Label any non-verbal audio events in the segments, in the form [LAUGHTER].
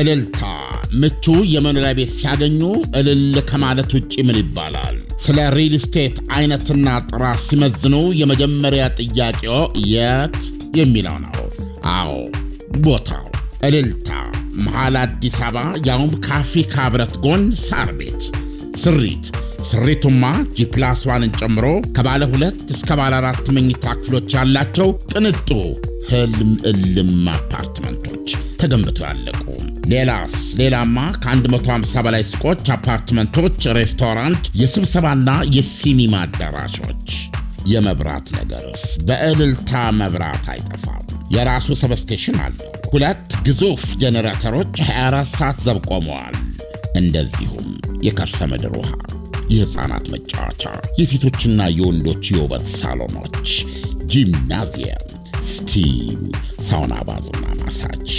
እልልታ ምቹ የመኖሪያ ቤት ሲያገኙ እልል ከማለት ውጭ ምን ይባላል? ስለ ሪል ስቴት አይነትና ጥራት ሲመዝኑ የመጀመሪያ ጥያቄው የት የሚለው ነው። አዎ ቦታው እልልታ፣ መሃል አዲስ አበባ፣ ያውም ከአፍሪካ ህብረት ጎን ሳር ቤት ስሪት ስሪቱማ ጂፕላስዋንን ጨምሮ ከባለ ሁለት እስከ ባለ አራት መኝታ ክፍሎች ያላቸው ቅንጡ ህልም እልም አፓርትመንቶች ተገንብተው ያለቁ። ሌላስ ሌላማ ከ150 በላይ ሱቆች፣ አፓርትመንቶች፣ ሬስቶራንት፣ የስብሰባና የሲኒማ አዳራሾች። የመብራት ነገርስ በእልልታ መብራት አይጠፋም። የራሱ ሰብስቴሽን አለው። ሁለት ግዙፍ ጄኔሬተሮች 24 ሰዓት ዘብ ቆመዋል። እንደዚሁም የከርሰ ምድር ውሃ የህፃናት መጫወቻ፣ የሴቶችና የወንዶች የውበት ሳሎኖች፣ ጂምናዚየም፣ ስቲም፣ ሳውና፣ ባዝና ማሳጅ፣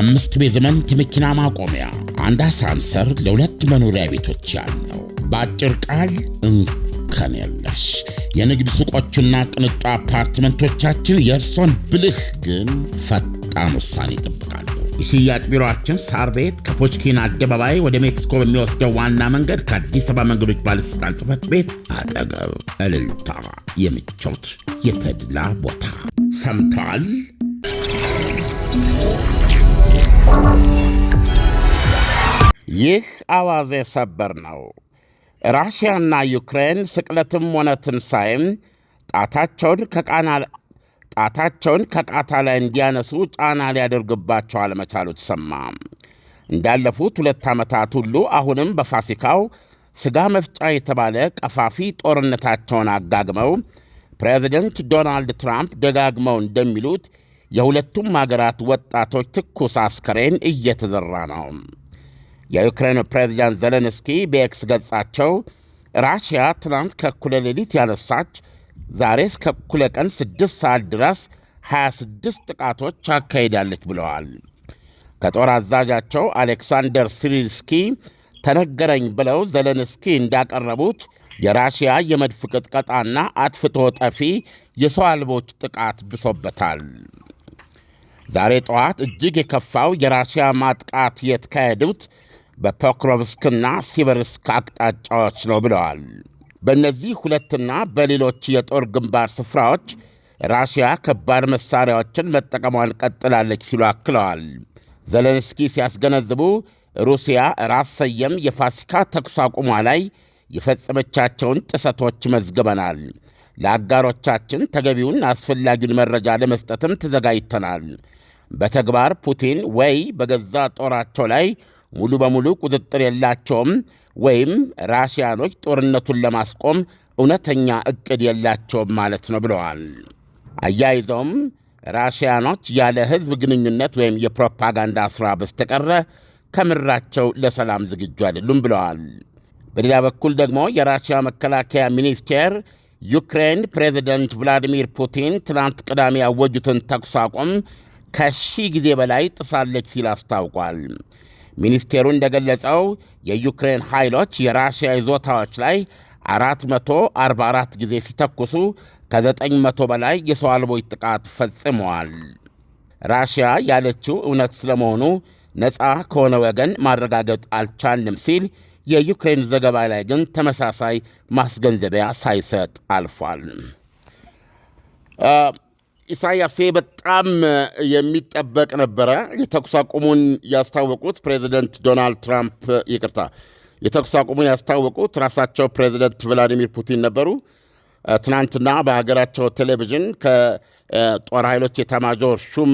አምስት ቤዝመንት መኪና ማቆሚያ፣ አንድ አሳንሰር ለሁለት መኖሪያ ቤቶች ያለው በአጭር ቃል እንከን የለሽ የንግድ ሱቆቹና ቅንጡ አፓርትመንቶቻችን የእርሶን ብልህ ግን ፈጣን ውሳኔ ይጠብቃሉ። የሽያጭ ቢሮችን ሳር ቤት ከፖችኪን አደባባይ ወደ ሜክሲኮ በሚወስደው ዋና መንገድ ከአዲስ አበባ መንገዶች ባለሥልጣን ጽፈት ቤት አጠገብ። እልልታ፣ የምቾት የተድላ ቦታ ሰምተዋል። ይህ አዋዜ ሰበር ነው። ራሽያና ዩክሬን ስቅለትም ሆነ ትንሣኤም ጣታቸውን ከቃና ጣታቸውን ከጣታ ላይ እንዲያነሱ ጫና ሊያደርግባቸው አለመቻሉ ተሰማ። እንዳለፉት ሁለት ዓመታት ሁሉ አሁንም በፋሲካው ሥጋ መፍጫ የተባለ ቀፋፊ ጦርነታቸውን አጋግመው ፕሬዚደንት ዶናልድ ትራምፕ ደጋግመው እንደሚሉት የሁለቱም አገራት ወጣቶች ትኩስ አስከሬን እየተዘራ ነው። የዩክሬኑ ፕሬዚዳንት ዘለንስኪ በኤክስ ገጻቸው ራሽያ ትናንት ከእኩለ ሌሊት ያነሳች ዛሬ እስከ እኩለ ቀን 6 ሰዓት ድረስ 26 ጥቃቶች አካሂዳለች ብለዋል። ከጦር አዛዣቸው አሌክሳንደር ሲሪልስኪ ተነገረኝ ብለው ዘለንስኪ እንዳቀረቡት የራሽያ የመድፍ ቅጥቀጣና አጥፍቶ ጠፊ የሰው አልቦች ጥቃት ብሶበታል። ዛሬ ጠዋት እጅግ የከፋው የራሽያ ማጥቃት የተካሄዱት በፖክሮቭስክና ሲቨርስክ አቅጣጫዎች ነው ብለዋል። በእነዚህ ሁለትና በሌሎች የጦር ግንባር ስፍራዎች ራሽያ ከባድ መሣሪያዎችን መጠቀሟን ቀጥላለች ሲሉ አክለዋል። ዘለንስኪ ሲያስገነዝቡ ሩሲያ ራስ ሰየም የፋሲካ ተኩስ አቁሟ ላይ የፈጸመቻቸውን ጥሰቶች መዝግበናል። ለአጋሮቻችን ተገቢውን አስፈላጊውን መረጃ ለመስጠትም ተዘጋጅተናል። በተግባር ፑቲን ወይ በገዛ ጦራቸው ላይ ሙሉ በሙሉ ቁጥጥር የላቸውም ወይም ራሽያኖች ጦርነቱን ለማስቆም እውነተኛ ዕቅድ የላቸውም ማለት ነው ብለዋል። አያይዘውም ራሽያኖች ያለ ሕዝብ ግንኙነት ወይም የፕሮፓጋንዳ ሥራ በስተቀረ ከምራቸው ለሰላም ዝግጁ አይደሉም ብለዋል። በሌላ በኩል ደግሞ የራሽያ መከላከያ ሚኒስቴር ዩክሬን ፕሬዚደንት ቭላዲሚር ፑቲን ትናንት ቅዳሜ ያወጁትን ተኩስ አቁም ከሺህ ጊዜ በላይ ጥሳለች ሲል አስታውቋል። ሚኒስቴሩ እንደገለጸው የዩክሬን ኃይሎች የራሽያ ይዞታዎች ላይ 444 ጊዜ ሲተኩሱ ከ900 በላይ የሰው አልቦች ጥቃት ፈጽመዋል። ራሽያ ያለችው እውነት ስለመሆኑ ነፃ ከሆነ ወገን ማረጋገጥ አልቻልም ሲል የዩክሬን ዘገባ ላይ ግን ተመሳሳይ ማስገንዘቢያ ሳይሰጥ አልፏል። ኢሳያስ በጣም የሚጠበቅ ነበረ። የተኩስ አቁሙን ያስታወቁት ፕሬዚደንት ዶናልድ ትራምፕ ይቅርታ፣ የተኩስ አቁሙን ያስታወቁት ራሳቸው ፕሬዚደንት ቭላዲሚር ፑቲን ነበሩ። ትናንትና በሀገራቸው ቴሌቪዥን ከጦር ኃይሎች ኤታማዦር ሹም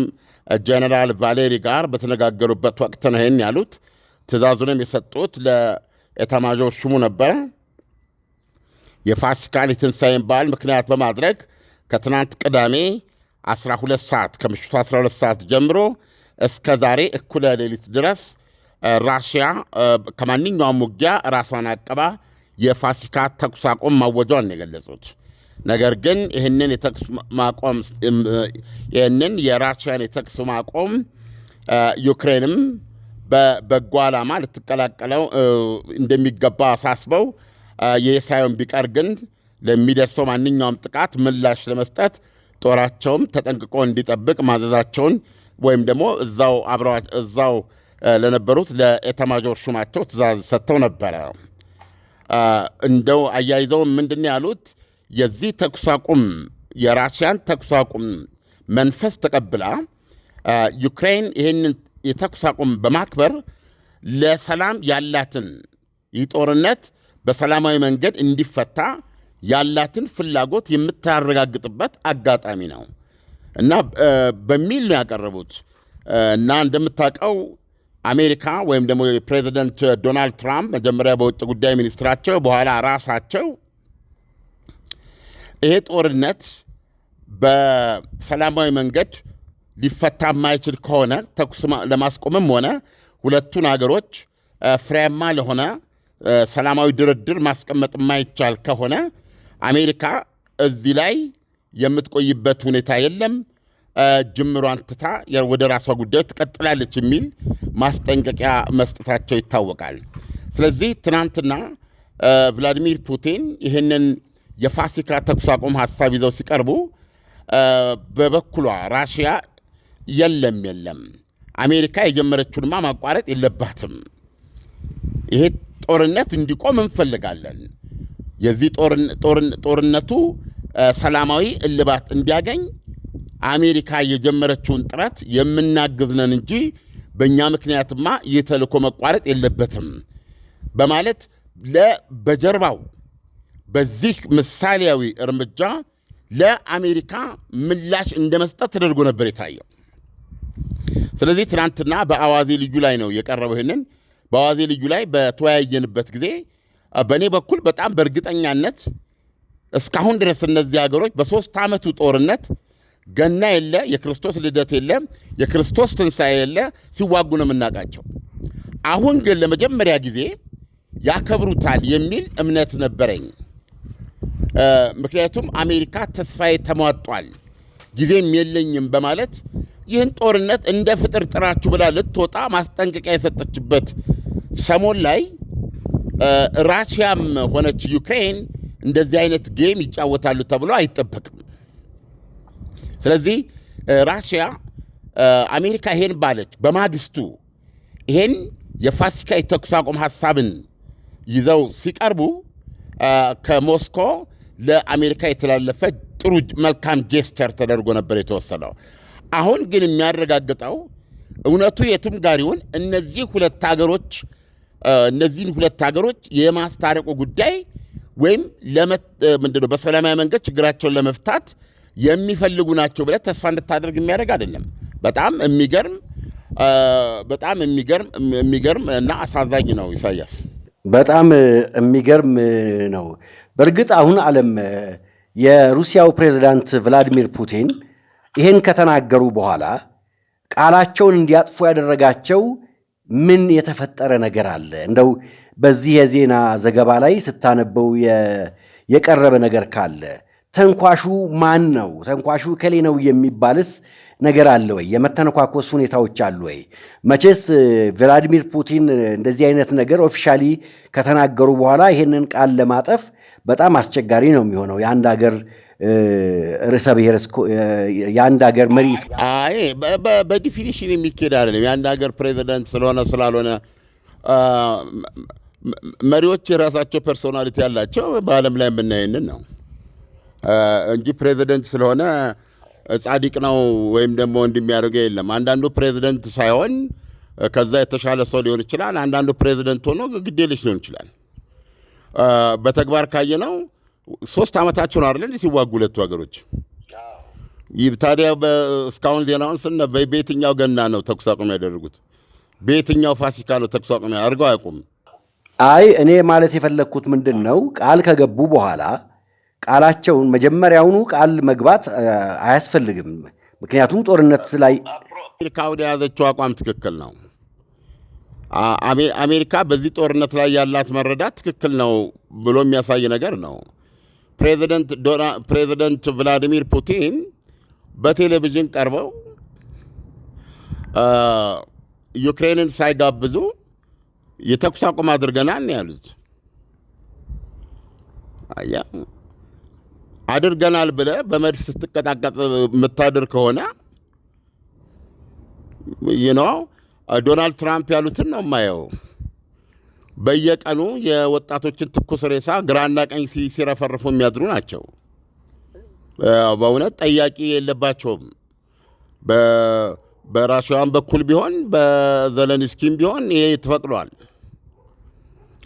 ጄኔራል ቫሌሪ ጋር በተነጋገሩበት ወቅት ነው ይህን ያሉት። ትእዛዙንም የሰጡት ለኤታማዦር ሹሙ ነበረ። የፋሲካን የትንሣኤን በዓል ምክንያት በማድረግ ከትናንት ቅዳሜ 12 ሰዓት ከምሽቱ 12 ሰዓት ጀምሮ እስከ ዛሬ እኩለ ሌሊት ድረስ ራሽያ ከማንኛውም ውጊያ ራሷን አቀባ የፋሲካ ተኩስ አቁም ማወጇን የገለጹት ነገር ግን ይህንን የተኩስ ማቆም ይህንን የራሽያን የተኩስ ማቆም ዩክሬንም በበጎ ዓላማ ልትቀላቀለው እንደሚገባ አሳስበው ይህ ሳይሆን ቢቀር ግን ለሚደርሰው ማንኛውም ጥቃት ምላሽ ለመስጠት ጦራቸውም ተጠንቅቆ እንዲጠብቅ ማዘዛቸውን ወይም ደግሞ እዛው እዛው ለነበሩት ለኤታማዦር ሹማቸው ትእዛዝ ሰጥተው ነበረ። እንደው አያይዘው ምንድን ያሉት የዚህ ተኩስ አቁም የራሽያን ተኩስ አቁም መንፈስ ተቀብላ ዩክሬን ይህንን የተኩስ አቁም በማክበር ለሰላም ያላትን ይህ ጦርነት በሰላማዊ መንገድ እንዲፈታ ያላትን ፍላጎት የምታረጋግጥበት አጋጣሚ ነው እና በሚል ነው ያቀረቡት እና እንደምታውቀው አሜሪካ ወይም ደግሞ የፕሬዚደንት ዶናልድ ትራምፕ መጀመሪያ በውጭ ጉዳይ ሚኒስትራቸው በኋላ ራሳቸው ይሄ ጦርነት በሰላማዊ መንገድ ሊፈታ የማይችል ከሆነ ተኩስ ለማስቆምም ሆነ ሁለቱን አገሮች ፍሬያማ ለሆነ ሰላማዊ ድርድር ማስቀመጥ የማይቻል ከሆነ አሜሪካ እዚህ ላይ የምትቆይበት ሁኔታ የለም፣ ጅምሯን ትታ ወደ ራሷ ጉዳዮች ትቀጥላለች የሚል ማስጠንቀቂያ መስጠታቸው ይታወቃል። ስለዚህ ትናንትና ቭላዲሚር ፑቲን ይህንን የፋሲካ ተኩስ አቁም ሀሳብ ይዘው ሲቀርቡ በበኩሏ ራሽያ የለም የለም አሜሪካ የጀመረችውንማ ማቋረጥ የለባትም፣ ይሄ ጦርነት እንዲቆም እንፈልጋለን የዚህ ጦርነቱ ሰላማዊ እልባት እንዲያገኝ አሜሪካ የጀመረችውን ጥረት የምናግዝነን እንጂ በእኛ ምክንያትማ ይህ ተልእኮ መቋረጥ የለበትም በማለት በጀርባው በዚህ ምሳሌያዊ እርምጃ ለአሜሪካ ምላሽ እንደ መስጠት ተደርጎ ነበር የታየው። ስለዚህ ትናንትና በአዋዜ ልዩ ላይ ነው የቀረበው። ይህንን በአዋዜ ልዩ ላይ በተወያየንበት ጊዜ በእኔ በኩል በጣም በእርግጠኛነት እስካሁን ድረስ እነዚህ ሀገሮች በሶስት ዓመቱ ጦርነት ገና የለ፣ የክርስቶስ ልደት የለ፣ የክርስቶስ ትንሣኤ የለ ሲዋጉ ነው የምናውቃቸው። አሁን ግን ለመጀመሪያ ጊዜ ያከብሩታል የሚል እምነት ነበረኝ። ምክንያቱም አሜሪካ ተስፋዬ ተሟጧል፣ ጊዜም የለኝም በማለት ይህን ጦርነት እንደ ፍጥር ጥራችሁ ብላ ልትወጣ ማስጠንቀቂያ የሰጠችበት ሰሞን ላይ ራሽያም ሆነች ዩክሬን እንደዚህ አይነት ጌም ይጫወታሉ ተብሎ አይጠበቅም። ስለዚህ ራሽያ አሜሪካ ይሄን ባለች በማግስቱ ይሄን የፋሲካ የተኩስ አቁም ሀሳብን ይዘው ሲቀርቡ ከሞስኮ ለአሜሪካ የተላለፈ ጥሩ መልካም ጄስቸር ተደርጎ ነበር የተወሰነው። አሁን ግን የሚያረጋግጠው እውነቱ የቱም ጋር ይሁን እነዚህ ሁለት ሀገሮች እነዚህን ሁለት ሀገሮች የማስታረቁ ጉዳይ ወይም ምንድነው በሰላማዊ መንገድ ችግራቸውን ለመፍታት የሚፈልጉ ናቸው ብለህ ተስፋ እንድታደርግ የሚያደርግ አይደለም። በጣም የሚገርም በጣም የሚገርም የሚገርም እና አሳዛኝ ነው። ኢሳያስ በጣም የሚገርም ነው። በእርግጥ አሁን ዓለም የሩሲያው ፕሬዚዳንት ቭላዲሚር ፑቲን ይህን ከተናገሩ በኋላ ቃላቸውን እንዲያጥፉ ያደረጋቸው ምን የተፈጠረ ነገር አለ? እንደው በዚህ የዜና ዘገባ ላይ ስታነበው የቀረበ ነገር ካለ ተንኳሹ ማን ነው? ተንኳሹ ከሌ ነው የሚባልስ ነገር አለ ወይ? የመተነኳኮስ ሁኔታዎች አሉ ወይ? መቼስ ቭላዲሚር ፑቲን እንደዚህ አይነት ነገር ኦፊሻሊ ከተናገሩ በኋላ ይሄንን ቃል ለማጠፍ በጣም አስቸጋሪ ነው የሚሆነው የአንድ ሀገር ርዕሰ ብሔር የአንድ ሀገር መሪ በዲፊኒሽን የሚኬድ አይደለም። የአንድ ሀገር ፕሬዚደንት ስለሆነ ስላልሆነ መሪዎች የራሳቸው ፐርሶናሊቲ ያላቸው በዓለም ላይ የምናይንን ነው እንጂ ፕሬዚደንት ስለሆነ ጻዲቅ ነው ወይም ደግሞ እንደሚያደርገው የለም። አንዳንዱ ፕሬዚደንት ሳይሆን ከዛ የተሻለ ሰው ሊሆን ይችላል። አንዳንዱ ፕሬዚደንት ሆኖ ግዴለሽ ሊሆን ይችላል። በተግባር ካየ ነው ሶስት ዓመታቸው ነው አይደል? ሲዋጉ ሁለቱ ሀገሮች። ታዲያ እስካሁን ዜናውን ስነ በየትኛው ገና ነው ተኩስ አቁም ያደረጉት? በየትኛው ፋሲካ ነው ተኩስ አቁም አድርገው አያውቁም። አይ እኔ ማለት የፈለግኩት ምንድን ነው ቃል ከገቡ በኋላ ቃላቸውን መጀመሪያውኑ ቃል መግባት አያስፈልግም። ምክንያቱም ጦርነት ላይ አሜሪካ ወደ ያዘችው አቋም ትክክል ነው። አሜሪካ በዚህ ጦርነት ላይ ያላት መረዳት ትክክል ነው ብሎ የሚያሳይ ነገር ነው። ፕሬዚደንት ቭላዲሚር ፑቲን በቴሌቪዥን ቀርበው ዩክሬንን ሳይጋብዙ የተኩስ አቁም አድርገናል ያሉት አድርገናል ብለህ በመድፍ ስትቀጣቀጥ የምታድር ከሆነ ዶናልድ ትራምፕ ያሉትን ነው የማየው። በየቀኑ የወጣቶችን ትኩስ ሬሳ ግራና ቀኝ ሲረፈርፉ የሚያድሩ ናቸው። በእውነት ጠያቂ የለባቸውም። በራሽያን በኩል ቢሆን በዘለንስኪም ቢሆን ይሄ ተፈቅዷል።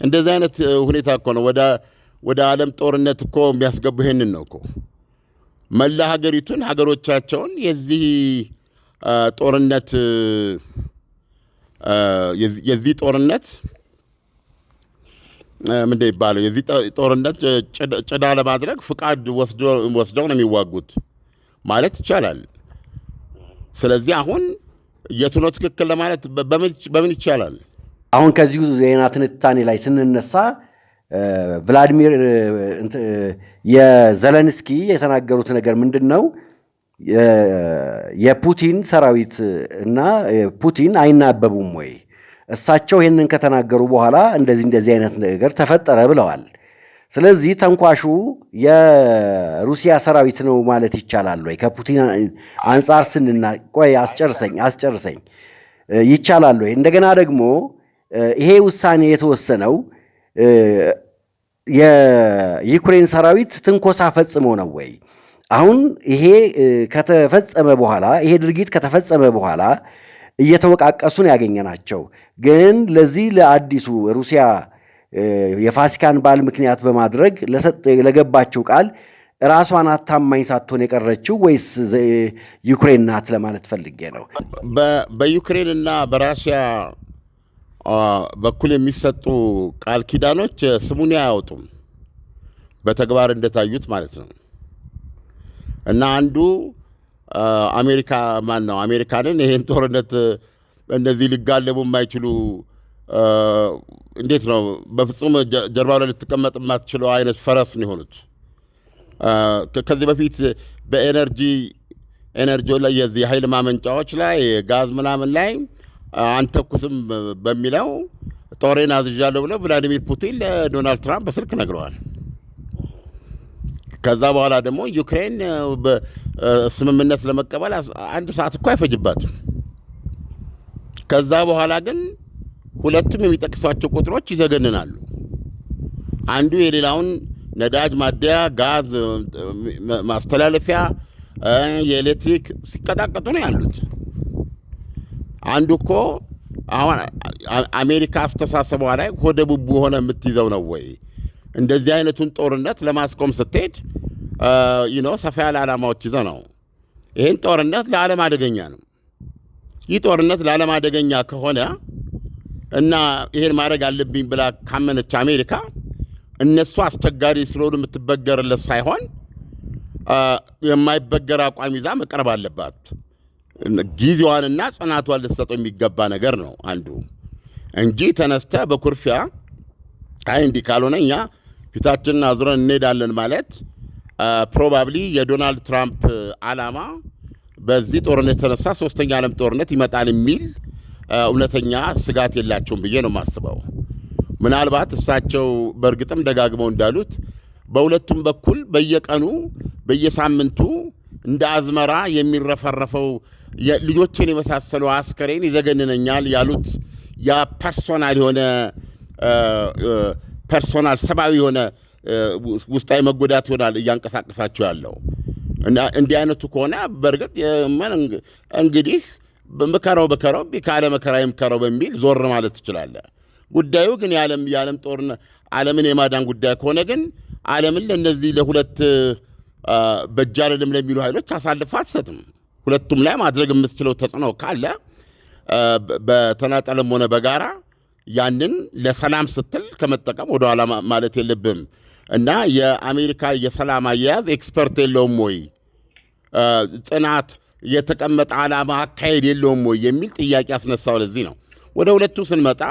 እንደዚህ አይነት ሁኔታ እኮ ነው ወደ ዓለም ጦርነት እኮ የሚያስገቡ ይህንን ነው እኮ መላ ሀገሪቱን ሀገሮቻቸውን የዚህ ጦርነት የዚህ ጦርነት ምንድን ይባለው የዚህ ጦርነት ጭዳ ለማድረግ ፍቃድ ወስደው ነው የሚዋጉት ማለት ይቻላል። ስለዚህ አሁን የቱ ነው ትክክል ለማለት በምን ይቻላል? አሁን ከዚሁ ዜና ትንታኔ ላይ ስንነሳ ቭላዲሚር የዘለንስኪ የተናገሩት ነገር ምንድን ነው? የፑቲን ሰራዊት እና ፑቲን አይናበቡም ወይ እሳቸው ይህንን ከተናገሩ በኋላ እንደዚህ እንደዚህ አይነት ነገር ተፈጠረ ብለዋል። ስለዚህ ተንኳሹ የሩሲያ ሰራዊት ነው ማለት ይቻላል ወይ? ከፑቲን አንጻር ስንና ቆይ አስጨርሰኝ አስጨርሰኝ ይቻላል ወይ? እንደገና ደግሞ ይሄ ውሳኔ የተወሰነው የዩክሬን ሰራዊት ትንኮሳ ፈጽሞ ነው ወይ? አሁን ይሄ ከተፈጸመ በኋላ ይሄ ድርጊት ከተፈጸመ በኋላ እየተወቃቀሱ ነው ናቸው ግን ለዚህ ለአዲሱ ሩሲያ የፋሲካን በዓል ምክንያት በማድረግ ለገባችው ቃል ራሷን አታማኝ ታማኝ ሳትሆን የቀረችው ወይስ ዩክሬን ናት ለማለት ፈልጌ ነው። በዩክሬን እና በራሽያ በኩል የሚሰጡ ቃል ኪዳኖች ስሙን አያወጡም፣ በተግባር እንደታዩት ማለት ነው እና አንዱ አሜሪካ ማን ነው አሜሪካንን ይሄን ጦርነት እነዚህ ሊጋለቡ የማይችሉ እንዴት ነው በፍጹም ጀርባው ላይ ልትቀመጥ የማትችለው አይነት ፈረስ ነው የሆኑት። ከዚህ በፊት በኤነርጂ ኤነርጂ ላይ የዚህ ኃይል ማመንጫዎች ላይ ጋዝ ምናምን ላይ አንተኩስም በሚለው ጦሬን አዝዣለሁ ብለው ቭላዲሚር ፑቲን ለዶናልድ ትራምፕ በስልክ ነግረዋል። ከዛ በኋላ ደግሞ ዩክሬን ስምምነት ለመቀበል አንድ ሰዓት እኮ አይፈጅባትም። ከዛ በኋላ ግን ሁለቱም የሚጠቅሷቸው ቁጥሮች ይዘገንናሉ። አንዱ የሌላውን ነዳጅ ማደያ፣ ጋዝ ማስተላለፊያ፣ የኤሌክትሪክ ሲቀጣቀጡ ነው ያሉት። አንዱ እኮ አሁን አሜሪካ አስተሳሰቧ ላይ ሆደ ቡቡ ሆነ የምትይዘው ነው ወይ? እንደዚህ አይነቱን ጦርነት ለማስቆም ስትሄድ ይኖ ሰፋ ያለ ዓላማዎች ይዘ ነው። ይህን ጦርነት ለዓለም አደገኛ ነው። ይህ ጦርነት ለዓለም አደገኛ ከሆነ እና ይሄን ማድረግ አለብኝ ብላ ካመነች አሜሪካ እነሱ አስቸጋሪ ስለሆኑ የምትበገርለት ሳይሆን የማይበገር አቋም ይዛ መቅረብ አለባት። ጊዜዋንና ጽናቷን ልትሰጠው የሚገባ ነገር ነው አንዱ እንጂ ተነስተ በኩርፊያ አይ እንዲህ ካልሆነ እኛ ፊታችንን አዙረን እንሄዳለን ማለት ፕሮባብሊ uh, የዶናልድ ትራምፕ uh, ዓላማ በዚህ ጦርነት የተነሳ ሶስተኛ ዓለም ጦርነት ይመጣል የሚል uh, እውነተኛ ስጋት የላቸውም ብዬ ነው የማስበው። ምናልባት እሳቸው በእርግጥም ደጋግመው እንዳሉት በሁለቱም በኩል በየቀኑ በየሳምንቱ እንደ አዝመራ የሚረፈረፈው ልጆችን የመሳሰለው አስከሬን ይዘገንነኛል ያሉት ያ ፐርሶናል የሆነ ፐርሶናል ሰብአዊ የሆነ ውስጣዊ መጎዳት ይሆናል እያንቀሳቀሳቸው ያለው እና እንዲህ አይነቱ ከሆነ በእርግጥ እንግዲህ ምከረው ምከረው ካለ መከራ ይምከረው በሚል ዞር ማለት ትችላለ። ጉዳዩ ግን የዓለም ጦርነት ዓለምን የማዳን ጉዳይ ከሆነ ግን ዓለምን ለእነዚህ ለሁለት በእጅ ለሚሉ ኃይሎች አሳልፋ አትሰጥም። ሁለቱም ላይ ማድረግ የምትችለው ተጽዕኖ ካለ በተናጠለም ሆነ በጋራ ያንን ለሰላም ስትል ከመጠቀም ወደኋላ ማለት የለብም። እና የአሜሪካ የሰላም አያያዝ ኤክስፐርት የለውም ወይ ጽናት የተቀመጠ ዓላማ አካሄድ የለውም ወይ የሚል ጥያቄ አስነሳው። ለዚህ ነው ወደ ሁለቱ ስንመጣ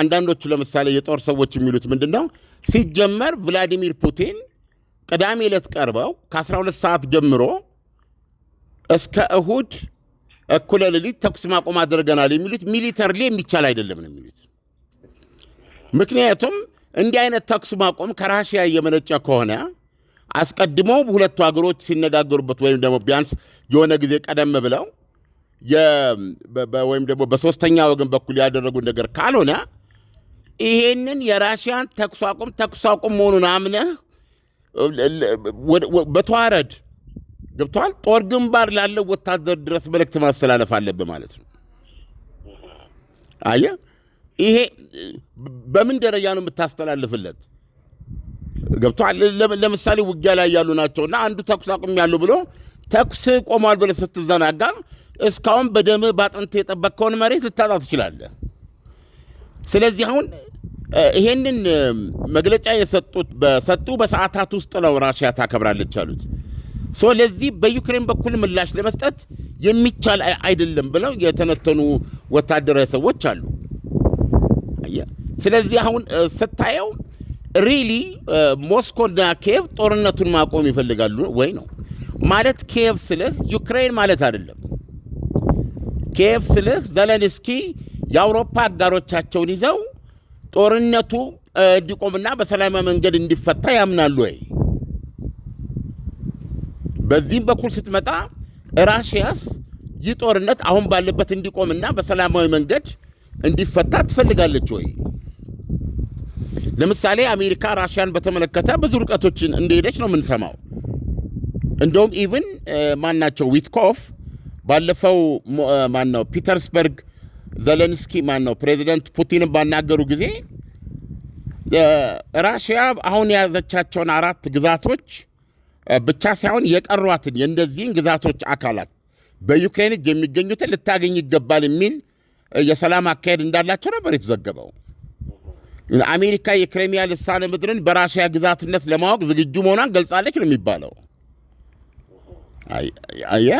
አንዳንዶቹ ለምሳሌ የጦር ሰዎች የሚሉት ምንድን ነው? ሲጀመር ቭላዲሚር ፑቲን ቅዳሜ ዕለት ቀርበው ከ12 ሰዓት ጀምሮ እስከ እሁድ እኩለ ሌሊት ተኩስ ማቆም አድርገናል የሚሉት ሚሊተርሊ የሚቻል አይደለም ነው የሚሉት ምክንያቱም እንዲህ አይነት ተኩስ ማቆም ከራሽያ እየመነጨ ከሆነ አስቀድሞ ሁለቱ ሀገሮች ሲነጋገሩበት ወይም ደግሞ ቢያንስ የሆነ ጊዜ ቀደም ብለው ወይም ደግሞ በሶስተኛ ወገን በኩል ያደረጉ ነገር ካልሆነ ይሄንን የራሽያን ተኩስ አቁም ተኩስ አቁም መሆኑን አምነህ በተዋረድ ገብተዋል። ጦር ግንባር ላለው ወታደር ድረስ መልእክት ማስተላለፍ አለብህ ማለት ነው። አየህ ይሄ በምን ደረጃ ነው የምታስተላልፍለት? ገብቷል። ለምሳሌ ውጊያ ላይ ያሉ እና አንዱ ተኩስ አቁም ያለው ብሎ ተኩስ ቆሟል ብለህ ስትዘናጋ እስካሁን በደምህ በአጥንት የጠበቅከውን መሬት ልታጣ ትችላለህ። ስለዚህ አሁን ይሄንን መግለጫ የሰጡት በሰጡ በሰዓታት ውስጥ ነው ራሽያ ታከብራለች ያሉት። ለዚህ በዩክሬን በኩል ምላሽ ለመስጠት የሚቻል አይደለም ብለው የተነተኑ ወታደራዊ ሰዎች አሉ። ስለዚህ አሁን ስታየው ሪሊ ሞስኮና ኪየቭ ጦርነቱን ማቆም ይፈልጋሉ ወይ ነው ማለት። ኪየቭ ስልህ ዩክሬን ማለት አይደለም። ኪየቭ ስልህ ዘለንስኪ የአውሮፓ አጋሮቻቸውን ይዘው ጦርነቱ እንዲቆምና በሰላማዊ መንገድ እንዲፈታ ያምናሉ ወይ? በዚህም በኩል ስትመጣ ራሽያስ ይህ ጦርነት አሁን ባለበት እንዲቆምና በሰላማዊ መንገድ እንዲፈታ ትፈልጋለች ወይ? ለምሳሌ አሜሪካ ራሽያን በተመለከተ ብዙ ርቀቶችን እንደሄደች ነው የምንሰማው። እንደውም ኢቭን ማናቸው ዊትኮፍ ባለፈው ማነው ፒተርስበርግ ዘለንስኪ ማነው ፕሬዚደንት ፑቲንን ባናገሩ ጊዜ ራሽያ አሁን የያዘቻቸውን አራት ግዛቶች ብቻ ሳይሆን የቀሯትን የእንደዚህን ግዛቶች አካላት በዩክሬን እጅ የሚገኙትን ልታገኝ ይገባል የሚል የሰላም አካሄድ እንዳላቸው ነበር የተዘገበው። አሜሪካ የክሬሚያ ልሳነ ምድርን በራሽያ ግዛትነት ለማወቅ ዝግጁ መሆኗን ገልጻለች ነው የሚባለው። አያ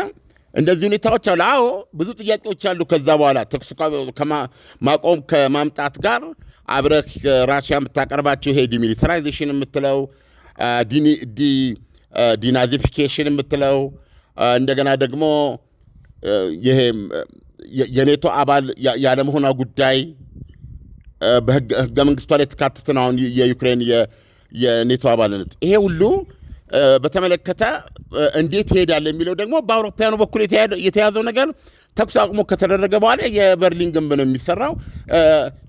እንደዚህ ሁኔታዎች አሉ። አዎ ብዙ ጥያቄዎች አሉ። ከዛ በኋላ ተኩስ ማቆም ከማምጣት ጋር አብረህ ራሽያ የምታቀርባቸው ይሄ ዲሚሊታራይዜሽን የምትለው ዲናዚፊኬሽን የምትለው እንደገና ደግሞ ይሄ የኔቶ አባል ያለመሆኗ ጉዳይ በህገ መንግስቷ ላይ የተካተተ ነው። አሁን የዩክሬን የኔቶ አባልነት ይሄ ሁሉ በተመለከተ እንዴት ይሄዳል የሚለው ደግሞ በአውሮፓያኑ በኩል የተያዘው ነገር ተኩስ አቁሞ ከተደረገ በኋላ የበርሊን ግንብ ነው የሚሰራው።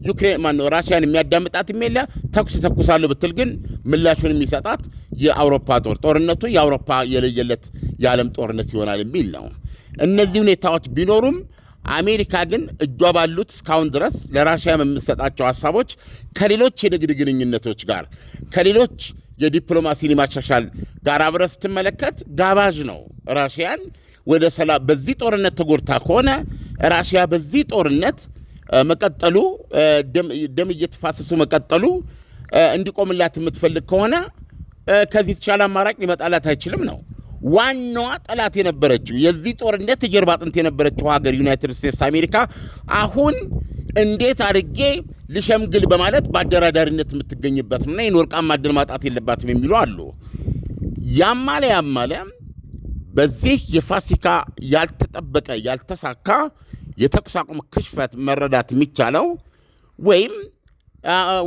ዩክሬን ራሽያን የሚያዳምጣት የሚለ ተኩስ ተኩሳለሁ ብትል ግን ምላሹን የሚሰጣት የአውሮፓ ጦር ጦርነቱ የአውሮፓ የለየለት የዓለም ጦርነት ይሆናል የሚል ነው። እነዚህ ሁኔታዎች ቢኖሩም አሜሪካ ግን እጇ ባሉት እስካሁን ድረስ ለራሽያ የምሰጣቸው ሀሳቦች ከሌሎች የንግድ ግንኙነቶች ጋር ከሌሎች የዲፕሎማሲን ማሻሻል ጋር አብረህ ስትመለከት ጋባዥ ነው። ራሽያን ወደ ሰላም በዚህ ጦርነት ተጎድታ ከሆነ ራሽያ በዚህ ጦርነት መቀጠሉ ደም እየተፋሰሱ መቀጠሉ እንዲቆምላት የምትፈልግ ከሆነ ከዚህ የተሻለ አማራጭ ሊመጣላት አይችልም ነው። ዋናዋ ጠላት የነበረችው የዚህ ጦርነት የጀርባ አጥንት የነበረችው ሀገር ዩናይትድ ስቴትስ አሜሪካ አሁን እንዴት አድርጌ ልሸምግል በማለት በአደራዳሪነት የምትገኝበትና ወርቃማ ዕድል ማጣት የለባትም የሚሉ አሉ። ያማለ ያማለ በዚህ የፋሲካ ያልተጠበቀ ያልተሳካ የተኩስ አቁም ክሽፈት መረዳት የሚቻለው ወይም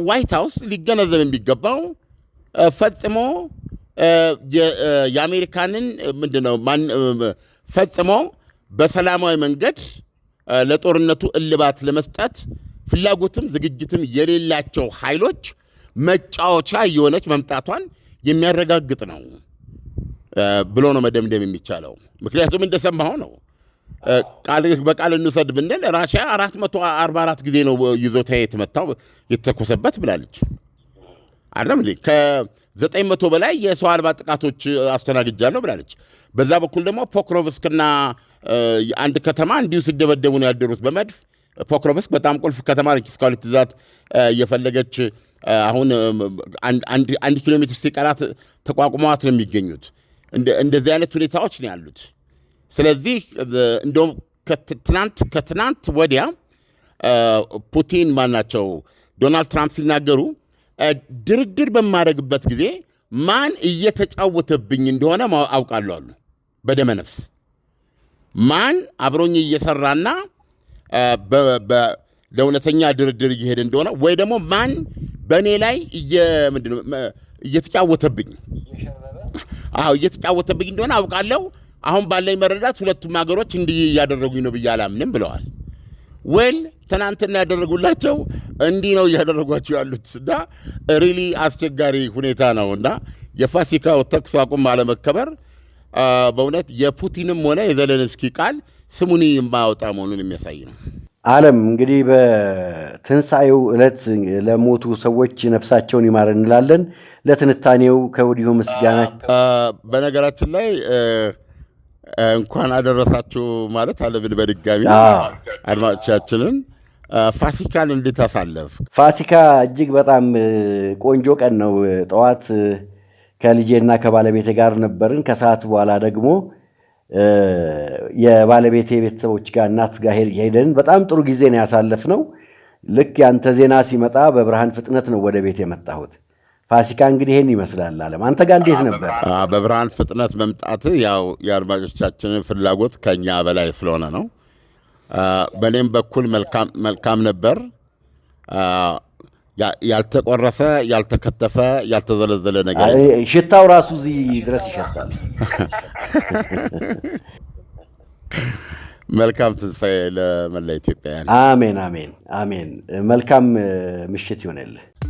ዋይት ሀውስ ሊገነዘብ የሚገባው ፈጽሞ የአሜሪካንን ምንድነው ፈጽሞ በሰላማዊ መንገድ ለጦርነቱ እልባት ለመስጠት ፍላጎትም ዝግጅትም የሌላቸው ኃይሎች መጫወቻ እየሆነች መምጣቷን የሚያረጋግጥ ነው ብሎ ነው መደምደም የሚቻለው። ምክንያቱም እንደሰማሁ ነው። በቃል እንውሰድ ብንል ራሽያ 444 ጊዜ ነው ይዞታ የተመታው የተተኮሰበት ብላለች። አይደለም አለም ከዘጠኝ መቶ በላይ የሰው አልባ ጥቃቶች አስተናግጃለሁ ብላለች። በዛ በኩል ደግሞ ፖክሮቭስክና አንድ ከተማ እንዲሁ ሲደበደቡ ነው ያደሩት በመድፍ ፖክሮቭስክ በጣም ቁልፍ ከተማ ነች። እስካሁን ትዛት የፈለገች አሁን አንድ ኪሎ ሜትር ሲቀራት ተቋቁመዋት ነው የሚገኙት። እንደዚህ አይነት ሁኔታዎች ነው ያሉት። ስለዚህ እንደውም ትናንት ከትናንት ወዲያ ፑቲን ማናቸው ዶናልድ ትራምፕ ሲናገሩ ድርድር በማድረግበት ጊዜ ማን እየተጫወተብኝ እንደሆነ አውቃለሁ አሉ በደመ ነፍስ ማን አብሮኝ እየሰራና ለእውነተኛ ድርድር እየሄደ እንደሆነ ወይ ደግሞ ማን በእኔ ላይ እየተጫወተብኝ አዎ እየተጫወተብኝ እንደሆነ አውቃለሁ። አሁን ባለኝ መረዳት ሁለቱም ሀገሮች እንዲህ እያደረጉኝ ነው ብዬ አላምንም ብለዋል ወል ትናንትና ያደረጉላቸው እንዲህ ነው እያደረጓቸው ያሉት እና ሪሊ አስቸጋሪ ሁኔታ ነው እና የፋሲካው ተኩስ አቁም አለመከበር በእውነት የፑቲንም ሆነ የዘለንስኪ ቃል ስሙኒ የማያወጣ መሆኑን የሚያሳይ ነው። ዓለም እንግዲህ በትንሣኤው ዕለት ለሞቱ ሰዎች ነፍሳቸውን ይማር እንላለን። ለትንታኔው ከወዲሁ ምስጋና። በነገራችን ላይ እንኳን አደረሳችሁ ማለት አለብን በድጋሚ አድማጮቻችንን ፋሲካን እንዴት ፋሲካ እጅግ በጣም ቆንጆ ቀን ነው። ጠዋት ከልጄና ከባለቤቴ ጋር ነበርን። ከሰዓት በኋላ ደግሞ የባለቤቴ ቤተሰቦች ጋር እናት ጋር ሄደን በጣም ጥሩ ጊዜ ነው ያሳለፍነው። ልክ ያንተ ዜና ሲመጣ በብርሃን ፍጥነት ነው ወደ ቤት የመጣሁት። ፋሲካ እንግዲህ ይህን ይመስላል። አለም አንተ ጋር እንዴት ነበር? በብርሃን ፍጥነት መምጣት ያው የአድማጮቻችንን ፍላጎት ከኛ በላይ ስለሆነ ነው በእኔም በኩል መልካም ነበር። ያልተቆረሰ፣ ያልተከተፈ፣ ያልተዘለዘለ ነገር ሽታው ራሱ እዚህ ድረስ ይሸታል። [LAUGHS] መልካም ትንሣኤ ለመላ ኢትዮጵያ። አሜን፣ አሜን፣ አሜን። መልካም ምሽት ይሆነልህ።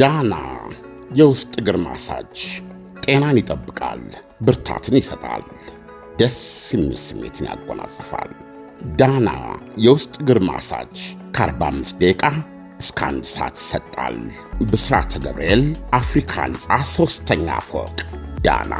ዳና የውስጥ እግር ማሳጅ ጤናን ይጠብቃል፣ ብርታትን ይሰጣል፣ ደስ የሚል ስሜትን ያጎናጽፋል። ዳና የውስጥ እግር ማሳጅ ከ45 ደቂቃ እስከ አንድ ሰዓት ይሰጣል። ብስራተ ገብርኤል አፍሪካ ህንፃ ሦስተኛ ፎቅ ዳና